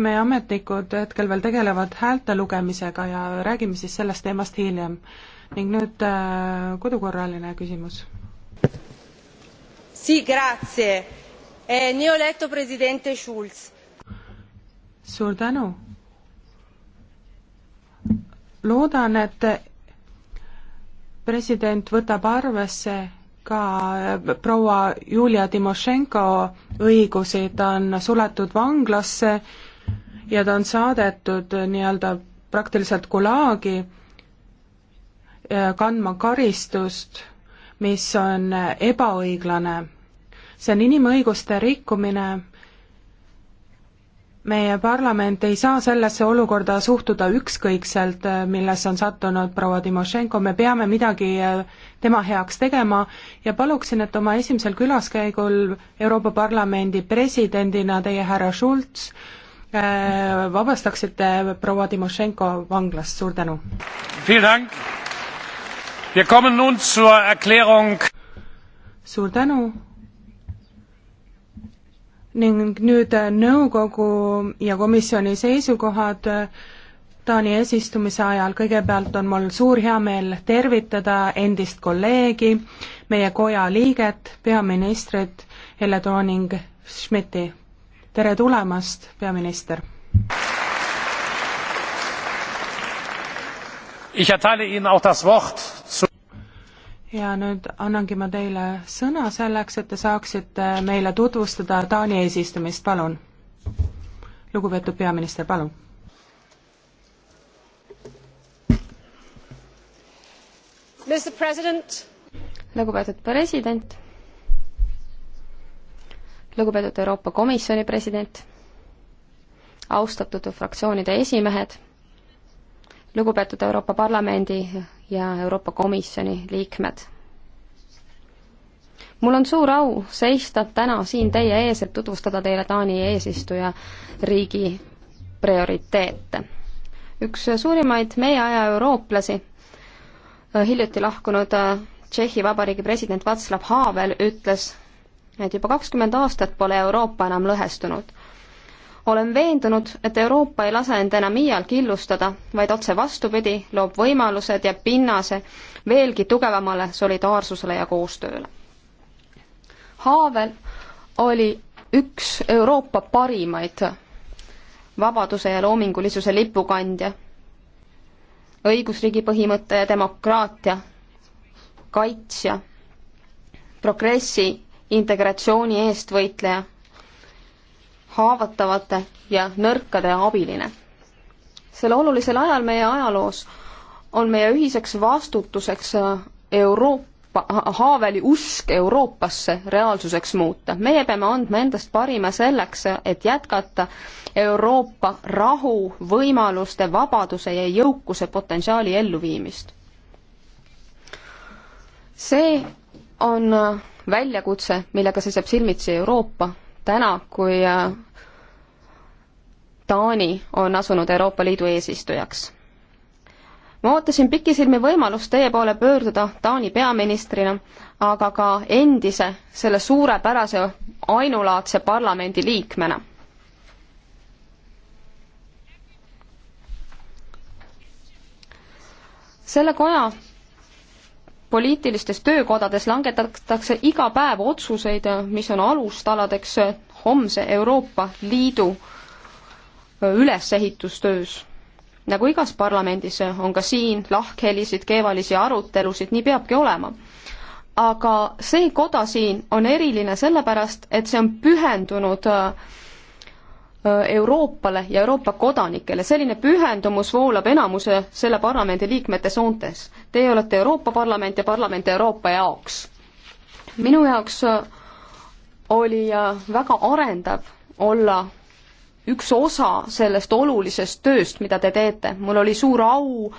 meie ametnikud hetkel veel tegelevad häälte lugemisega ja räägime siis sellest teemast hiljem. ning nüüd äh, kodukorraline küsimus. Eh, suur tänu. loodan, et president võtab arvesse ka äh, proua Julia Timošenko õigusi, ta on suletud vanglasse ja ta on saadetud nii-öelda praktiliselt gulaagi kandma karistust, mis on ebaõiglane. see on inimõiguste rikkumine, meie parlament ei saa sellesse olukorda suhtuda ükskõikselt, millesse on sattunud proua Timošenko, me peame midagi e, tema heaks tegema ja paluksin, et oma esimesel külaskäigul Euroopa Parlamendi presidendina teie, härra Schulz, Äh, vabastaksite proua Timošenko vanglast, suur tänu! suur tänu ning nüüd äh, nõukogu ja komisjoni seisukohad äh, Taani eesistumise ajal kõigepealt on mul suur heameel tervitada endist kolleegi, meie koja liiget, peaministrit Helle Tooning-Schmidti tere tulemast, peaminister! ja nüüd annangi ma teile sõna selleks, et te saaksite meile tutvustada Taani eesistumist, palun. lugupeetud peaminister, palun. lugupeetud president lugupeetud Euroopa Komisjoni president, austatud fraktsioonide esimehed, lugupeetud Euroopa Parlamendi ja Euroopa Komisjoni liikmed. mul on suur au seista täna siin teie ees, et tutvustada teile Taani eesistuja riigi prioriteete. üks suurimaid meie aja eurooplasi, hiljuti lahkunud Tšehhi Vabariigi president Václav Havel ütles et juba kakskümmend aastat pole Euroopa enam lõhestunud. olen veendunud, et Euroopa ei lase end enam iialgi illustada, vaid otse vastupidi, loob võimalused ja pinnase veelgi tugevamale solidaarsusele ja koostööle. Haavel oli üks Euroopa parimaid vabaduse ja loomingulisuse lipukandja, õigusriigi põhimõtte ja demokraatia kaitsja, progressi integratsiooni eestvõitleja, haavatavate ja nõrkade abiline. sel olulisel ajal meie ajaloos on meie ühiseks vastutuseks äh, Euroopa, Haaveli usk Euroopasse reaalsuseks muuta. meie peame andma endast parima selleks, et jätkata Euroopa rahu, võimaluste, vabaduse ja jõukuse potentsiaali elluviimist. see on äh, väljakutse, millega seisab silmitsi Euroopa täna, kui äh, Taani on asunud Euroopa Liidu eesistujaks. ma ootasin pikisilmi võimalust teie poole pöörduda Taani peaministrina, aga ka endise, selle suurepärase ainulaadse parlamendi liikmena. selle koja poliitilistes töökodades langetatakse iga päev otsuseid, mis on alustaladeks homse Euroopa Liidu ülesehitustöös. nagu igas parlamendis, on ka siin lahkhelisid, keevalisi arutelusid, nii peabki olema. aga see koda siin on eriline sellepärast, et see on pühendunud äh, Euroopale ja Euroopa kodanikele, selline pühendumus voolab enamuse selle parlamendi liikmete soontes. Teie olete Euroopa Parlament ja parlament Euroopa jaoks. minu jaoks äh, oli äh, väga arendav olla üks osa sellest olulisest tööst, mida te teete. mul oli suur au äh,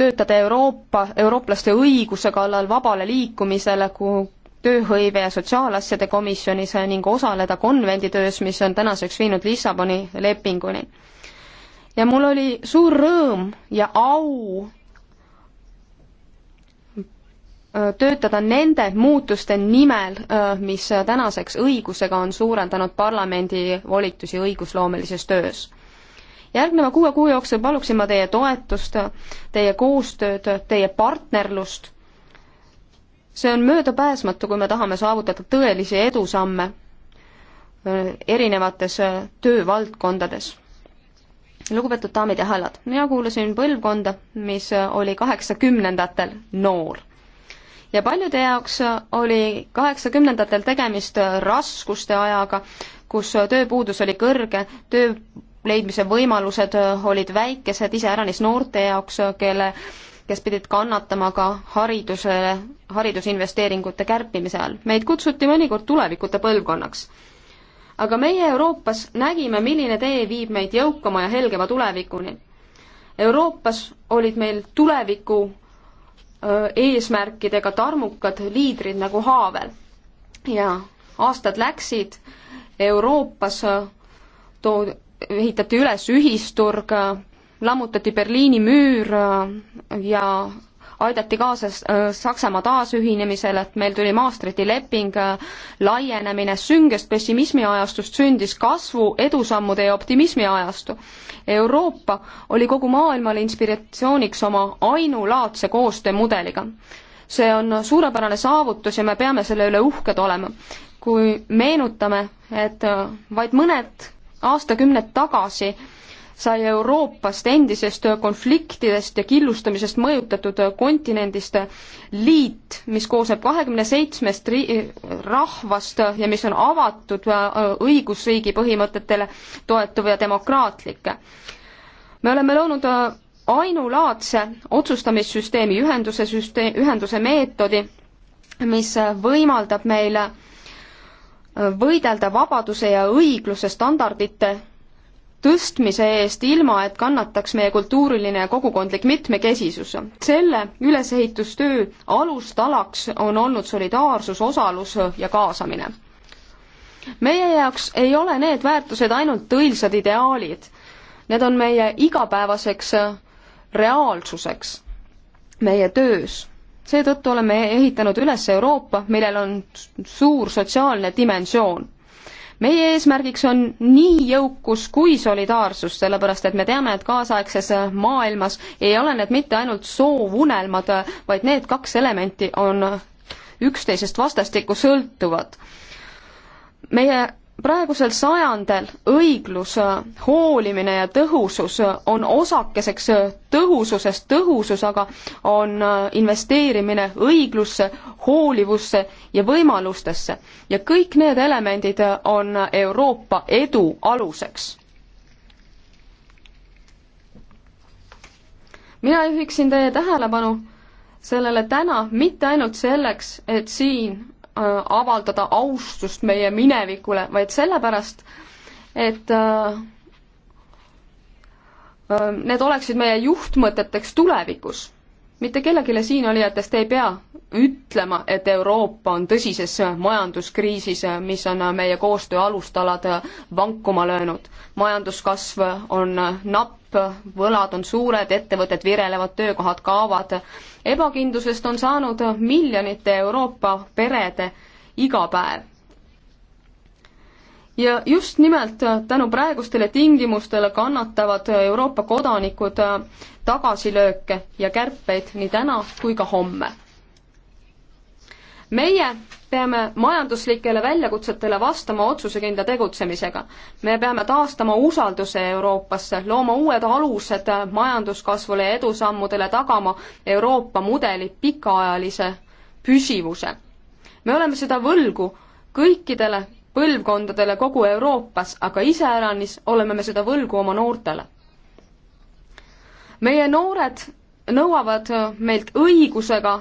töötada Euroopa, eurooplaste õiguse kallal vabale liikumisele, kuhu tööhõive ja sotsiaalasjade komisjonis ning osaleda konvendi töös, mis on tänaseks viinud Lissaboni lepinguni ja mul oli suur rõõm ja au äh, töötada nende muutuste nimel, äh, mis äh, tänaseks õigusega on suurendanud parlamendi volitusi õigusloomelises töös. järgneva kuue kuu jooksul paluksin ma teie toetust, teie koostööd, teie partnerlust. see on möödapääsmatu, kui me tahame saavutada tõelisi edusamme erinevates töövaldkondades lugupeetud daamid ja härrad, mina kuulusin põlvkonda, mis oli kaheksakümnendatel noor. ja paljude jaoks oli kaheksakümnendatel tegemist raskuste ajaga, kus tööpuudus oli kõrge, töö leidmise võimalused olid väikesed, iseäranis noorte jaoks, kelle, kes pidid kannatama ka haridusele, haridusinvesteeringute kärpimise all. meid kutsuti mõnikord tulevikute põlvkonnaks aga meie Euroopas nägime, milline tee viib meid jõukama ja helgema tulevikuni. Euroopas olid meil tuleviku eesmärkidega tarmukad liidrid nagu Haavel ja aastad läksid, Euroopas too-, ehitati üles ühisturg, lammutati Berliini müür ja aidati kaasa äh, Saksamaa taasühinemisele, et meil tuli Maastrichti leping, äh, laienemine süngest pessimismiajastust sündis kasvu, edusammude ja optimismi ajastu. Euroopa oli kogu maailmale inspiratsiooniks oma ainulaadse koostöömudeliga. see on suurepärane saavutus ja me peame selle üle uhked olema. kui meenutame, et äh, vaid mõned aastakümned tagasi sai Euroopast endisest konfliktidest ja killustamisest mõjutatud kontinendist liit, mis koosneb kahekümne seitsmest rahvast ja mis on avatud äh, õigusriigi põhimõtetele toetuv ja demokraatlik. me oleme loonud äh, ainulaadse otsustamissüsteemi ühenduse süsteem, ühenduse meetodi, mis võimaldab meile äh, võidelda vabaduse ja õigluse standardite tõstmise eest, ilma et kannataks meie kultuuriline ja kogukondlik mitmekesisus. selle ülesehitustöö alustalaks on olnud solidaarsus, osalus ja kaasamine. meie jaoks ei ole need väärtused ainult õilsad ideaalid, need on meie igapäevaseks reaalsuseks meie töös. seetõttu oleme ehitanud üles Euroopa, millel on suur sotsiaalne dimensioon meie eesmärgiks on nii jõukus kui solidaarsus, sellepärast et me teame, et kaasaegses maailmas ei ole need mitte ainult soovunelmad, vaid need kaks elementi on üksteisest vastastikku sõltuvad. meie praegusel sajandil õiglus, äh, hoolimine ja tõhusus äh, on osakeseks äh, tõhususest, tõhusus aga on investeerimine õiglusse, hoolivusse ja võimalustesse. ja kõik need elemendid on Euroopa edu aluseks. mina juhiksin teie tähelepanu sellele täna mitte ainult selleks, et siin Äh, avaldada austust meie minevikule, vaid sellepärast, et äh, äh, need oleksid meie juhtmõteteks tulevikus. mitte kellelegi siinolijatest ei pea ütlema, et Euroopa on tõsises majanduskriisis, mis on meie koostöö alustalad vankuma löönud. majanduskasv on napp, võlad on suured, ettevõtted virelevad, töökohad kaovad ebakindlusest on saanud miljonite Euroopa perede igapäev. ja just nimelt tänu praegustele tingimustele kannatavad Euroopa kodanikud tagasilööke ja kärpeid nii täna kui ka homme meie peame majanduslikele väljakutsetele vastama otsusekindla tegutsemisega. me peame taastama usalduse Euroopasse, looma uued alused majanduskasvule ja edusammudele, tagama Euroopa mudeli pikaajalise püsivuse. me oleme seda võlgu kõikidele põlvkondadele kogu Euroopas, aga iseäranis oleme me seda võlgu oma noortele. meie noored nõuavad meilt õigusega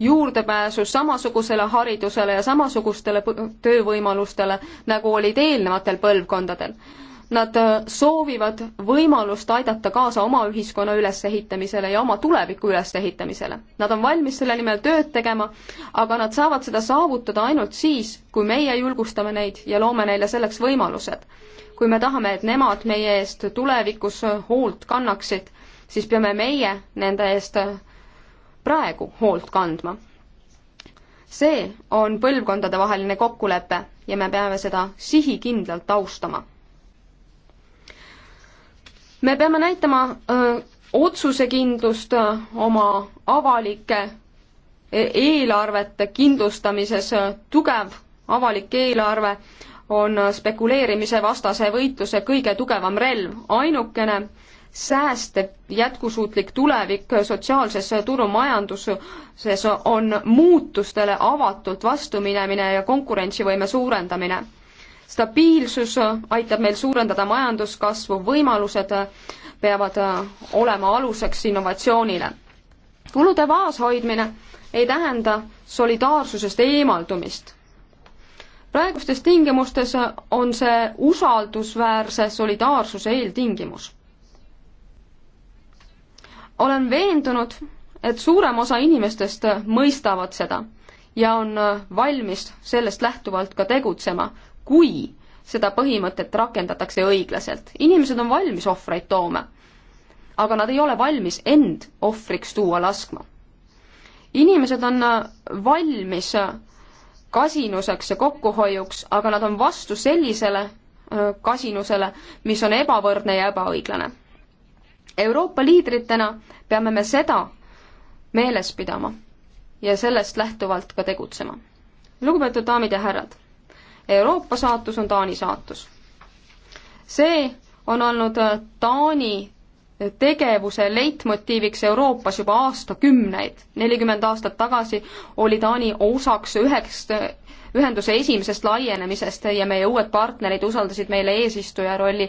juurdepääsu samasugusele haridusele ja samasugustele töövõimalustele, nagu olid eelnevatel põlvkondadel. Nad äh, soovivad võimalust aidata kaasa oma ühiskonna ülesehitamisele ja oma tuleviku ülesehitamisele. Nad on valmis selle nimel tööd tegema, aga nad saavad seda saavutada ainult siis, kui meie julgustame neid ja loome neile selleks võimalused. kui me tahame, et nemad meie eest tulevikus äh, hoolt kannaksid, siis peame meie nende eest äh, praegu hoolt kandma. see on põlvkondadevaheline kokkulepe ja me peame seda sihikindlalt austama. me peame näitama öö, otsusekindlust oma avalike e, eelarvete kindlustamises, tugev avalik eelarve on spekuleerimise vastase võitluse kõige tugevam relv, ainukene säästev jätkusuutlik tulevik sotsiaalses turumajanduses on muutustele avatult vastuminemine ja konkurentsivõime suurendamine. stabiilsus aitab meil suurendada majanduskasvu, võimalused peavad olema aluseks innovatsioonile. kulude vaoshoidmine ei tähenda solidaarsusest eemaldumist praegustes tingimustes on see usaldusväärse solidaarsuse eeltingimus olen veendunud, et suurem osa inimestest mõistavad seda ja on valmis sellest lähtuvalt ka tegutsema, kui seda põhimõtet rakendatakse õiglaselt. inimesed on valmis ohvreid tooma, aga nad ei ole valmis end ohvriks tuua laskma. inimesed on valmis kasinuseks ja kokkuhoiuks, aga nad on vastu sellisele äh, kasinusele, mis on ebavõrdne ja ebaõiglane Euroopa liidritena peame me seda meeles pidama ja sellest lähtuvalt ka tegutsema. lugupeetud daamid ja härrad, Euroopa saatus on Taani saatus. see on olnud äh, Taani tegevuse leitmotiiviks Euroopas juba aastakümneid. nelikümmend aastat tagasi oli Taani osaks üheks ühenduse esimesest laienemisest ja meie uued partnerid usaldasid meile eesistuja rolli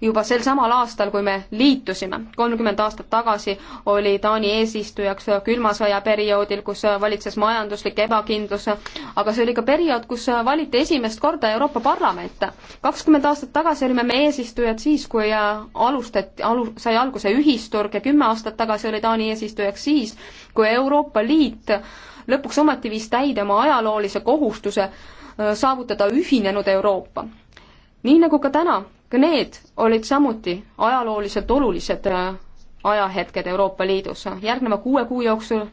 juba sel samal aastal, kui me liitusime. kolmkümmend aastat tagasi oli Taani eesistujaks külma sõja perioodil, kus valitses majanduslik ebakindlus, aga see oli ka periood, kus valiti esimest korda Euroopa Parlament. kakskümmend aastat tagasi olime me eesistujad siis, kui alustati, alu-, sai alguse ühisturg ja kümme aastat tagasi oli Taani eesistujaks siis, kui Euroopa Liit lõpuks ometi viis täide oma ajaloolise kohustuse äh, saavutada ühinenud Euroopa. nii nagu ka täna, ka need olid samuti ajalooliselt olulised äh, ajahetked Euroopa Liidus. järgneva kuue kuu jooksul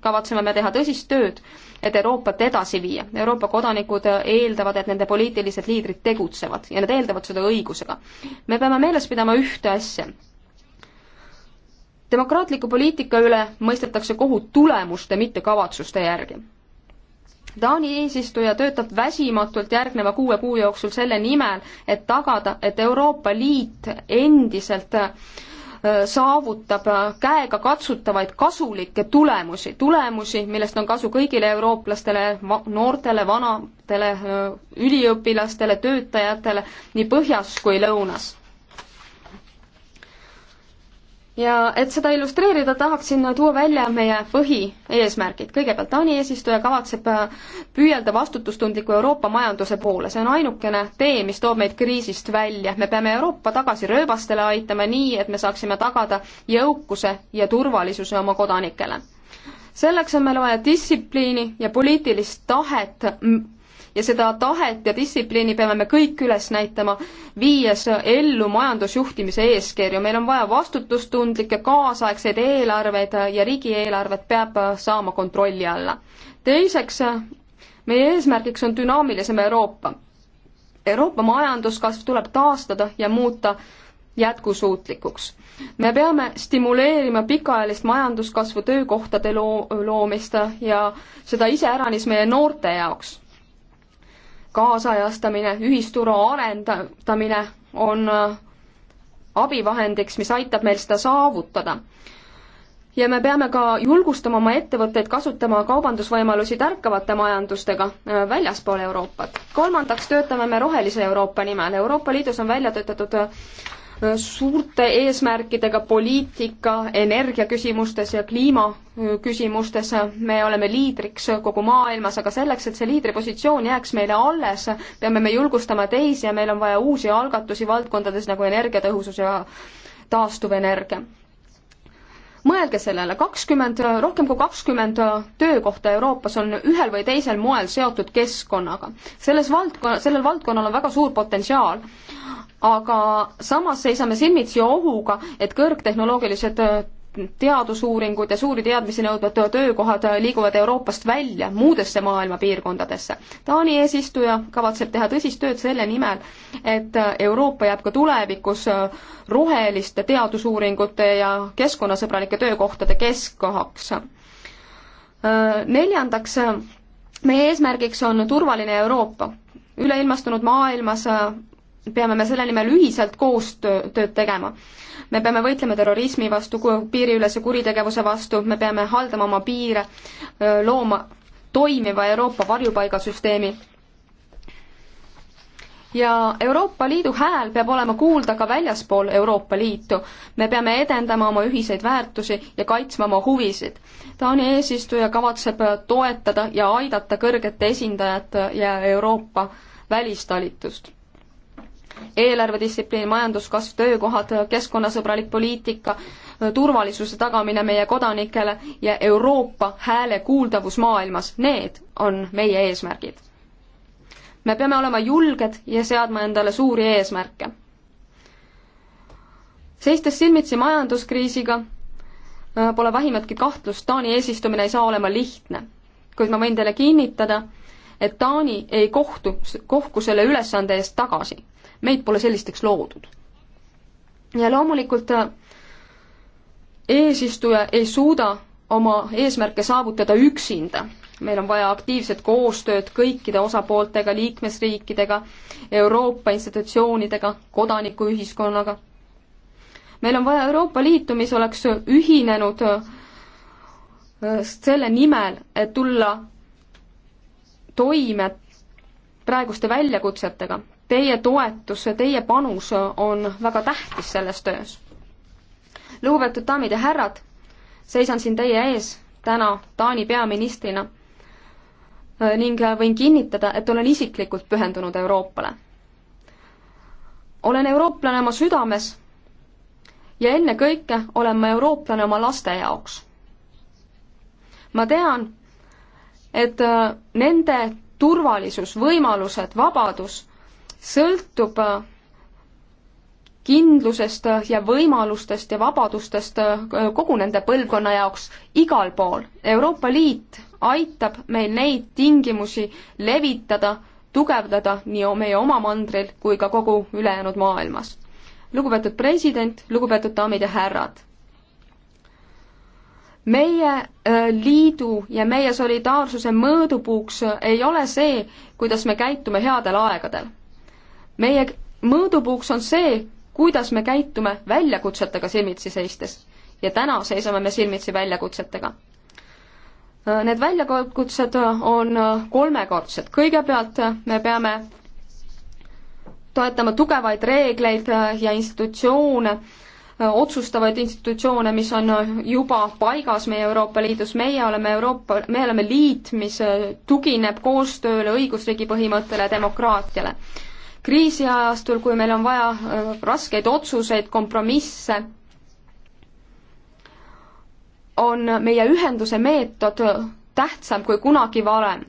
kavatseme me teha tõsist tööd, et Euroopat edasi viia. Euroopa kodanikud äh, eeldavad, et nende poliitilised liidrid tegutsevad ja nad eeldavad seda õigusega. me peame meeles pidama ühte asja demokraatliku poliitika üle mõistetakse kohut tulemuste, mitte kavatsuste järgi. Taani eesistuja töötab väsimatult järgneva kuue kuu jooksul selle nimel, et tagada, et Euroopa Liit endiselt äh, saavutab äh, käegakatsutavaid kasulikke tulemusi, tulemusi, millest on kasu kõigile eurooplastele, noortele, vanadele, äh, üliõpilastele, töötajatele nii põhjas kui lõunas ja et seda illustreerida, tahaksin tuua välja meie põhieesmärgid. kõigepealt Taani eesistuja kavatseb äh, püüelda vastutustundliku Euroopa majanduse poole, see on ainukene tee, mis toob meid kriisist välja. me peame Euroopa tagasi rööbastele aitama nii, et me saaksime tagada jõukuse ja turvalisuse oma kodanikele. selleks on meil vaja distsipliini ja poliitilist tahet ja seda tahet ja distsipliini peame me kõik üles näitama, viies ellu majandusjuhtimise eeskirju. meil on vaja vastutustundlikke kaasaegseid eelarveid ja riigieelarvet peab saama kontrolli alla. teiseks, meie eesmärgiks on dünaamilisem Euroopa. Euroopa majanduskasv tuleb taastada ja muuta jätkusuutlikuks. me peame stimuleerima pikaajalist majanduskasvu, töökohtade loo-, loomist ja seda iseäranis meie noorte jaoks kaasajastamine, ühisturu arendamine on äh, abivahendiks, mis aitab meil seda saavutada. ja me peame ka julgustama oma ettevõtteid kasutama kaubandusvõimalusi tärkavate majandustega äh, väljaspool Euroopat. kolmandaks töötame me rohelise Euroopa nimel. Euroopa Liidus on välja töötatud äh, suurte eesmärkidega poliitika, energiaküsimustes ja kliimaküsimustes. me oleme liidriks kogu maailmas, aga selleks, et see liidripositsioon jääks meile alles, peame me julgustama teisi ja meil on vaja uusi algatusi valdkondades nagu energiatõhusus ja taastuvenergia mõelge sellele, kakskümmend, rohkem kui kakskümmend töökohta Euroopas on ühel või teisel moel seotud keskkonnaga. selles valdkonna, sellel valdkonnal on väga suur potentsiaal aga samas seisame silmitsi ohuga, et kõrgtehnoloogilised äh, teadusuuringud ja suuri teadmisi nõudvad äh, töökohad äh, liiguvad Euroopast välja muudesse maailma piirkondadesse. Taani eesistuja kavatseb teha tõsist tööd selle nimel, et Euroopa jääb ka tulevikus roheliste teadusuuringute ja keskkonnasõbralike töökohtade keskkohaks. Neljandaks, meie eesmärgiks on turvaline Euroopa. üleilmastunud maailmas peame me selle nimel ühiselt koostööd tegema. me peame võitlema terrorismi vastu, piiriülese kuritegevuse vastu, me peame haldama oma piire, looma toimiva Euroopa varjupaigasüsteemi. ja Euroopa Liidu hääl peab olema kuulda ka väljaspool Euroopa Liitu. me peame edendama oma ühiseid väärtusi ja kaitsma oma huvisid. Taani eesistuja kavatseb toetada ja aidata kõrgete esindajate ja Euroopa välistalitust eelarvedistsipliin, majanduskasv, töökohad, keskkonnasõbralik poliitika, turvalisuse tagamine meie kodanikele ja Euroopa hääle kuuldavus maailmas, need on meie eesmärgid. me peame olema julged ja seadma endale suuri eesmärke. seistes silmitsi majanduskriisiga, äh, pole vähimatki kahtlust, Taani eesistumine ei saa olema lihtne. kuid ma võin teile kinnitada, et Taani ei kohtu, kohku selle ülesande eest tagasi meid pole sellisteks loodud. ja loomulikult äh, eesistuja ei suuda oma eesmärke saavutada üksinda. meil on vaja aktiivset koostööd kõikide osapooltega, liikmesriikidega, Euroopa institutsioonidega, kodanikuühiskonnaga. meil on vaja Euroopa Liitu, mis oleks ühinenud äh, selle nimel, et tulla toime praeguste väljakutsetega teie toetus ja teie panus on väga tähtis selles töös. lugupeetud daamid ja härrad, seisan siin teie ees täna Taani peaministrina ning võin kinnitada, et olen isiklikult pühendunud Euroopale. olen eurooplane oma südames ja ennekõike olen ma eurooplane oma laste jaoks. ma tean, et nende turvalisus, võimalused, vabadus sõltub kindlusest ja võimalustest ja vabadustest kogu nende põlvkonna jaoks igal pool. Euroopa Liit aitab meil neid tingimusi levitada, tugevdada nii meie oma mandril kui ka kogu ülejäänud maailmas. lugupeetud president, lugupeetud daamid ja härrad. meie äh, liidu ja meie solidaarsuse mõõdupuuks ei ole see, kuidas me käitume headel aegadel meie mõõdupuuks on see, kuidas me käitume väljakutsetega silmitsi seistes. ja täna seisame me silmitsi väljakutsetega. Äh, need väljakutsed äh, on äh, kolmekordsed. kõigepealt me peame toetama tugevaid reegleid ja institutsioone, otsustavaid institutsioone, mis on juba paigas meie Euroopa Liidus, meie oleme Euroopa, me oleme liit, mis tugineb koostööle, õigusriigi põhimõttele, demokraatiale kriisiajastul, kui meil on vaja äh, raskeid otsuseid, kompromisse, on meie ühenduse meetod tähtsam kui kunagi varem.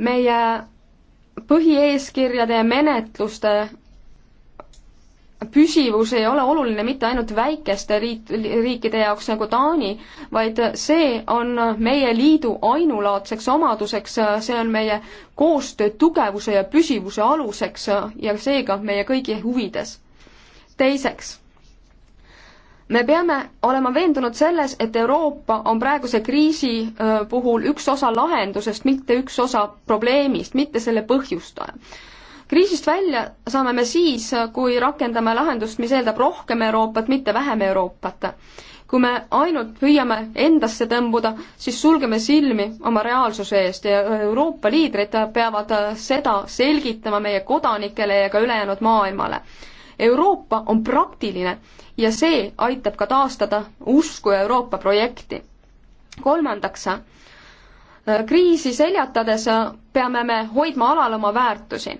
meie põhieeskirjade ja menetluste püsivus ei ole oluline mitte ainult väikeste riik, riikide jaoks nagu Taani, vaid see on meie liidu ainulaadseks omaduseks, see on meie koostöö tugevuse ja püsivuse aluseks ja seega meie kõigi huvides. teiseks, me peame olema veendunud selles, et Euroopa on praeguse kriisi äh, puhul üks osa lahendusest, mitte üks osa probleemist, mitte selle põhjustaja kriisist välja saame me siis, kui rakendame lahendust, mis eeldab rohkem Euroopat, mitte vähem Euroopat. kui me ainult püüame endasse tõmbuda, siis sulgeme silmi oma reaalsuse eest ja Euroopa liidrid peavad seda selgitama meie kodanikele ja ka ülejäänud maailmale. Euroopa on praktiline ja see aitab ka taastada usku Euroopa projekti. kolmandaks kriisi seljatades peame me hoidma alal oma väärtusi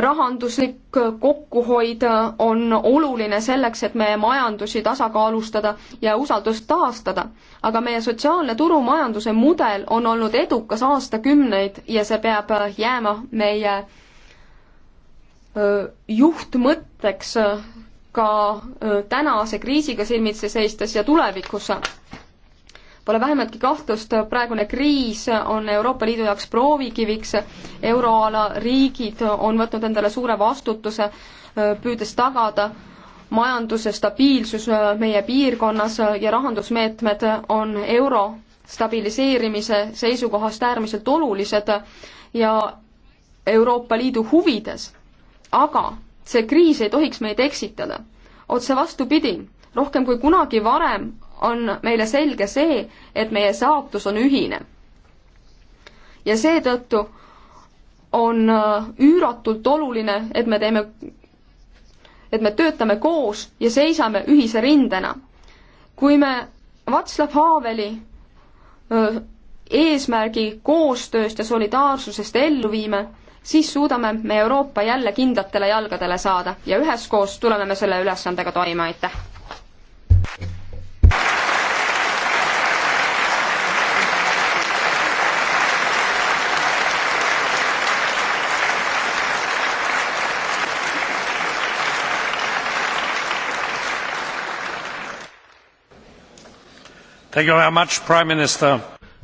rahanduslik kokkuhoid on oluline selleks, et meie majandusi tasakaalustada ja usaldust taastada. aga meie sotsiaalne turumajanduse mudel on olnud edukas aastakümneid ja see peab jääma meie juhtmõtteks ka tänase kriisiga silmitsi seistes ja tulevikus Pole vähematki kahtlust, praegune kriis on Euroopa Liidu jaoks proovikiviks, euroala riigid on võtnud endale suure vastutuse, püüdes tagada majanduse stabiilsus meie piirkonnas ja rahandusmeetmed on euro stabiliseerimise seisukohast äärmiselt olulised ja Euroopa Liidu huvides. aga see kriis ei tohiks meid eksitada. otse vastupidi, rohkem kui kunagi varem on meile selge see, et meie saatus on ühine. ja seetõttu on äh, üüratult oluline, et me teeme, et me töötame koos ja seisame ühise rindena. kui me Václav Haveli öö, äh, eesmärgi koostööst ja solidaarsusest ellu viime, siis suudame me Euroopa jälle kindlatele jalgadele saada ja üheskoos tuleme me selle ülesandega toime, aitäh!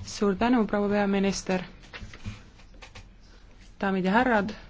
suur tänu, proua peaminister! daamid ja härrad!